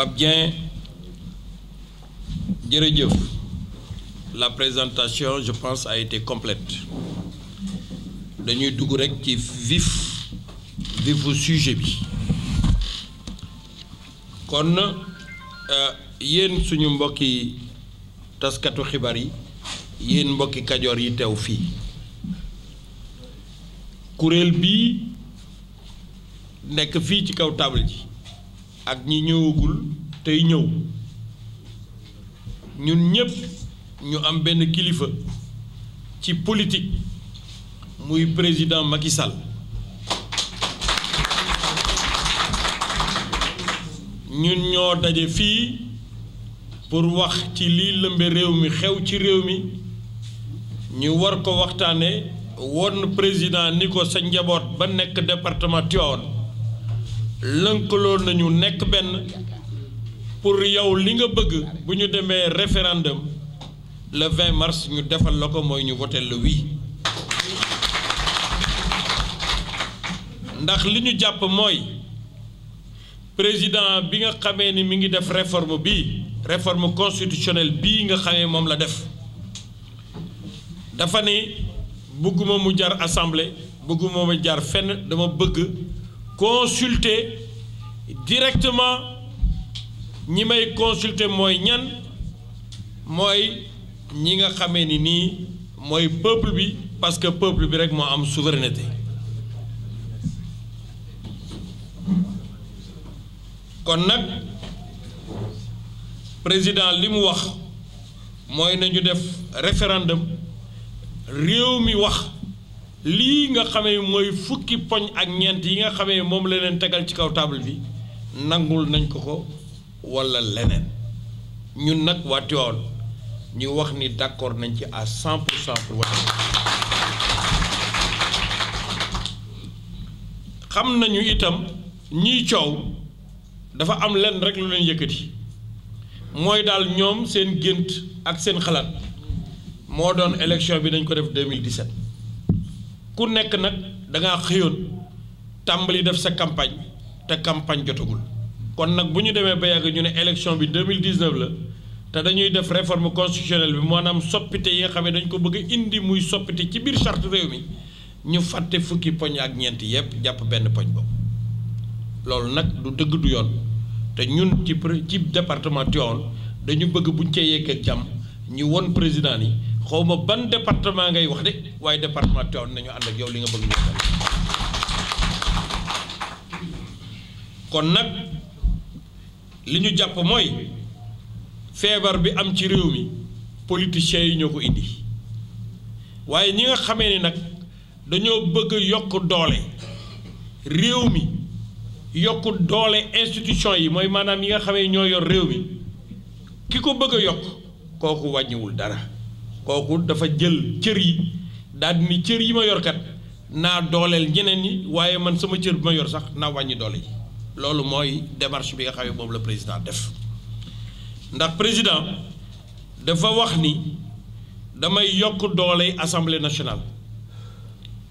Pape Dieng jërëjëf la présentation je pense a été complète dañuy dugg rek ci vif vifu sujet bi kon euh, yéen suñu mbokki taskatu xibaar yi yéen mbokki kajoor yi teew fii kuréel bii nekk fii ci kaw table ji ak ñi ñëwagul tey ñëw ñun ñëpp ñu am benn kilifa ci politique muy président makisal ñun ñoo daje fii pour wax ci lii lëmbe réew mi xew ci réew mi ñu war ko waxtaane woon président ni ko sa njaboot ba nekk département Tivaouane lënkaloo nañu nekk benn pour yow li nga bëgg bu ñu demee référendum le 20 mars ñu defal la ko mooy ñu voté le oui ndax li ñu jàpp mooy président bi nga xamee ni mi ngi def réforme bi réforme constitutionnelle bii nga xamee moom la def dafa ne bëgguma mu jaar assemblée bëgguma mu jaar fenn dama bëgg consulter directement ñi may consulter mooy ñan mooy ñi nga xamee ni nii mooy peuple bi parce que peuple bi rek moo am souveraineté kon nag président li mu wax mooy nañu def référendum réew mi wax lii nga xamee mooy fukki poñ ak ñeent yi nga xamee moom la leen tegal ci kaw table bi nangul nañ ko ko walla leneen ñun nag waa Tivaouane ñu wax ni d'accord nañ ci à 100 pour xam nañu itam ñiy coow dafa am lenn rek lu leen yëkkati mooy daal ñoom seen gént ak seen xalaat moo doon élection bi nañ ko def 2017. ku nekk nag dangaa xëyoon tàmbali def sa campagne te campagne jotagul kon nag bu ñu demee ba yàgg ñu ne élection bi 2019 la te dañuy def réforme constitutionnelle bi maanaam soppite yi nga xam ne dañ ko bëgg a indi muy soppite ci biir charte réew mi ñu fàtte fukki poñ ak ñeent yépp jàpp benn poñ boobu loolu nag du dëgg du yoon te ñun ci ci département Tivaouane dañu bëgg buñ cee yegg ak jàmm ñu won président yi xawma ban département ngay wax de waaye département Tivaouane nañu ànd ak yow li nga bëgg ñu kon nag li ñu jàpp mooy feebar bi am ci réew mi politiciens yi ñoo ko indi waaye ñi nga xamee ni nag dañoo bëgg yokk doole réew mi yokk doole institution yi mooy maanaam yi nga xamee ñoo yor réew mi ki ko bëgg a yokk kooku wàññiwul dara kooku dafa jël cër yi daal di ni cër yi ma yor kat naa dooleel ñeneen yi waaye man sama cër bi ma yor sax naa wàññi doole yi loolu mooy démarche bi nga xam ne moom la président def ndax président dafa wax ni damay yokk doole assemblée nationale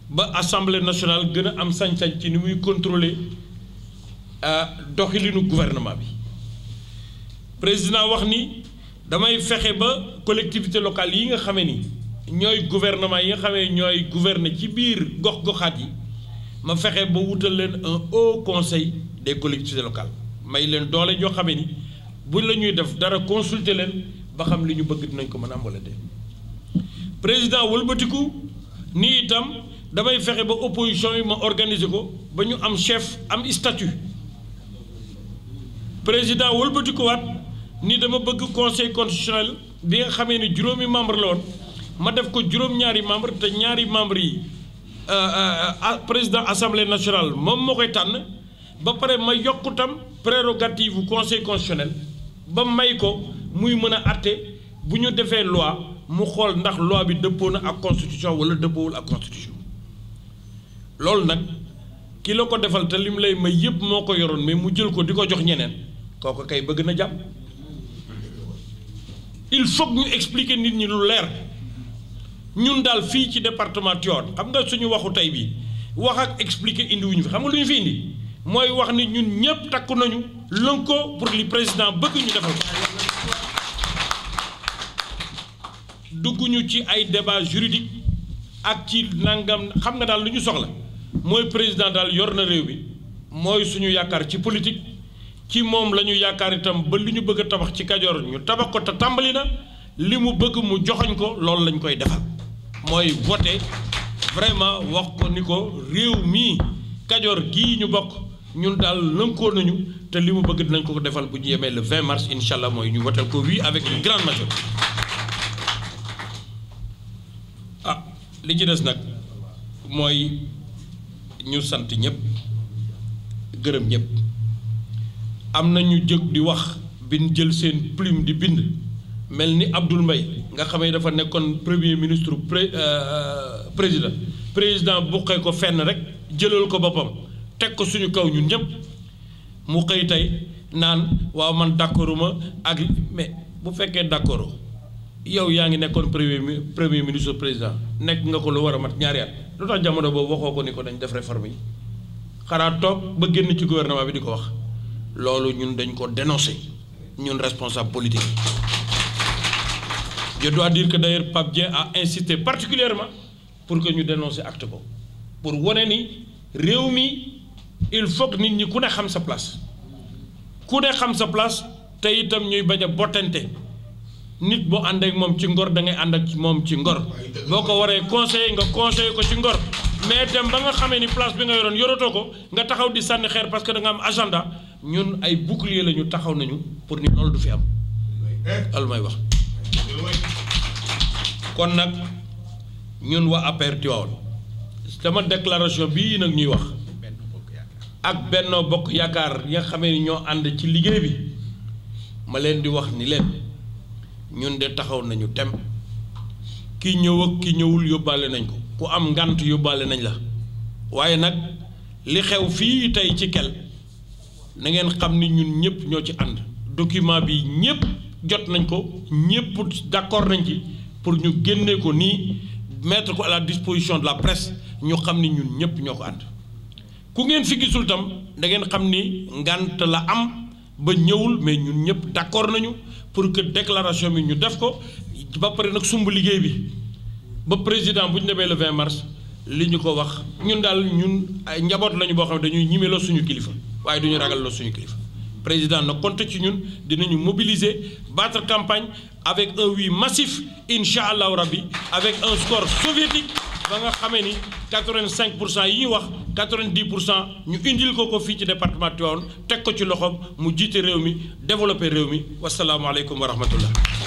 ba assemblée nationale gën a am sañ-sañ ci ni muy contrôler euh, doxilinu gouvernement bi président wax ni damay fexe ba collectivité locale yi nga xame ni ñooy gouvernement yi nga xamee ñooy gouverner ci biir gox-goxaat yi ma fexe ba wutal leen un au conseil des collectivités locales may leen doole joo xamee ni buñ la ñuy def dara consulter leen ba xam li ñu bëgg dinañ ko mën am wala de président wëlbatiku nii itam damay fexe ba opposition yi ma organiser ko ba ñu am chef am statut président wëlbatikuwaat nii dama bëgg conseil constitutionnel bi nga xamee ni juróomi membre la woon ma def ko juróom-ñaari membre te ñaari membre yi euh, euh, président assemblée nationale moom moo koy tànn ba pare ma yokku tam prérogative bu conseil constitutionnel ba may ko muy mën a atte bu ñu defee loi mu xool ndax loi bi dëppoo na ak constitution wala dëppoowul ak constitution loolu nag ki la ko defal te lim lay may yëpp moo ko yoroon mais mu jël ko di ko jox ñeneen kooku kay bëgg na jàmm il faut ñu expliquer nit ñi lu leer. ñun daal fii ci département Tivaouane xam nga suñu waxu tey bii wax ak expliqué indi fi xam nga lu ñu fi indi mooy wax ni ñun ñëpp takku nañu lënkoo pour li président bëgg ñu defal ko dugguñu ci ay débat juridique ak ci nangam xam nga daal lu ñu soxla mooy président daal yor na réew bi mooy suñu yaakaar ci politique ci moom la ñu yaakaar itam ba lu ñu bëgg a tabax ci Kajoor ñu tabax ko te tàmbali na li mu bëgg mu joxoñ ko loolu lañ koy defal mooy voté vraiment wax ko ni ko réew mii kajoor gii ñu bokk ñun daal lënkoo nañu te li mu bëgg dinañ ko defal bu ñu yemee le 20 mars incha mooy ñu voté ko oui avec une grande majorité ah li ci des nag mooy ñu sant ñëpp gërëm ñëpp am na ñu jóg di wax bi jël seen plume di bind mel ni Abdoul mbay nga xamee dafa nekkoon premier ministre pré euh, euh, président président buqee ko fenn rek jëlal ko boppam teg ko suñu kaw ñun ñëpp mu xëy tey naan waaw man d'accorduma ak mais bu fekkee d'accord yow yaa ngi nekkoon premier premier ministre président nekk nga ko lu war a mat ñaari at lu tax jamono boobu waxoo ko ni ko dañ def réforme yi xanaa toog ba génn ci gouvernement bi di ko wax loolu ñun dañ ko dénoncer ñun responsable politique je dois dire que day Pape Dieng a insisté particulièrement pour que ñu dénoncer acte ko pour wane ni réew mi il faut nit ñi ku ne xam sa place ku ne xam sa place te itam ñuy bañ a bottante nit boo ànd moom ci ngor dangay ànd ak moom ci ngor boo ko waree conseiller nga conseiller ko ci ngor mais dem ba nga xamee ni place bi nga yoroon yorotoo ko nga taxaw di sànni xeer parce que da nga am agenda ñun ay bouclier la ñu taxaw nañu pour ni loolu du fi am loolu wax. kon nag ñun waa APR Tivaouane sama déclaration bii nag ñuy wax ak Benno Bokk Yaakaar yi nga xamee ni ñoo ànd ci liggéey bi ma leen di wax ni leen ñun de taxaw nañu tem ki ñëw ak ki ñëwul yóbbaale nañ ko ku am ngant yóbbaale nañ la waaye nag li xew fii tey ci kel na ngeen xam ni ñun ñëpp ñoo ci ànd document bi ñëpp jot nañ ko ñëpp d'accord nañ ci pour ñu génnee ko nii mettre ko à la disposition de la presse ñu xam ni ñun ñëpp ñoo ko ànd ku ngeen fi gisul tam da ngeen xam ni ngànt la am ba ñëwul mais ñun ñëpp d'accord nañu pour que déclaration bi ñu def ko ba pare nag sumb liggéey bi ba président bu ñu demee le 20 mars li ñu ko wax ñun daal ñun ay njaboot lañu boo xam ne dañuy ñime suñu kilifa waaye duñu ragal la suñu kilifa. président na compte ci ñun dinañu mobiliser battre campagne avec un oui massif incha allahu rabbi avec un score soviétique ba nga xamee ni 85 pour cent yi ñuy wax 90 pour cent ñu indil ko ko fii ci département Tivaouane teg ko ci loxoom mu jiite réew mi développer réew mi wasalaamualeykum wa rahmatullah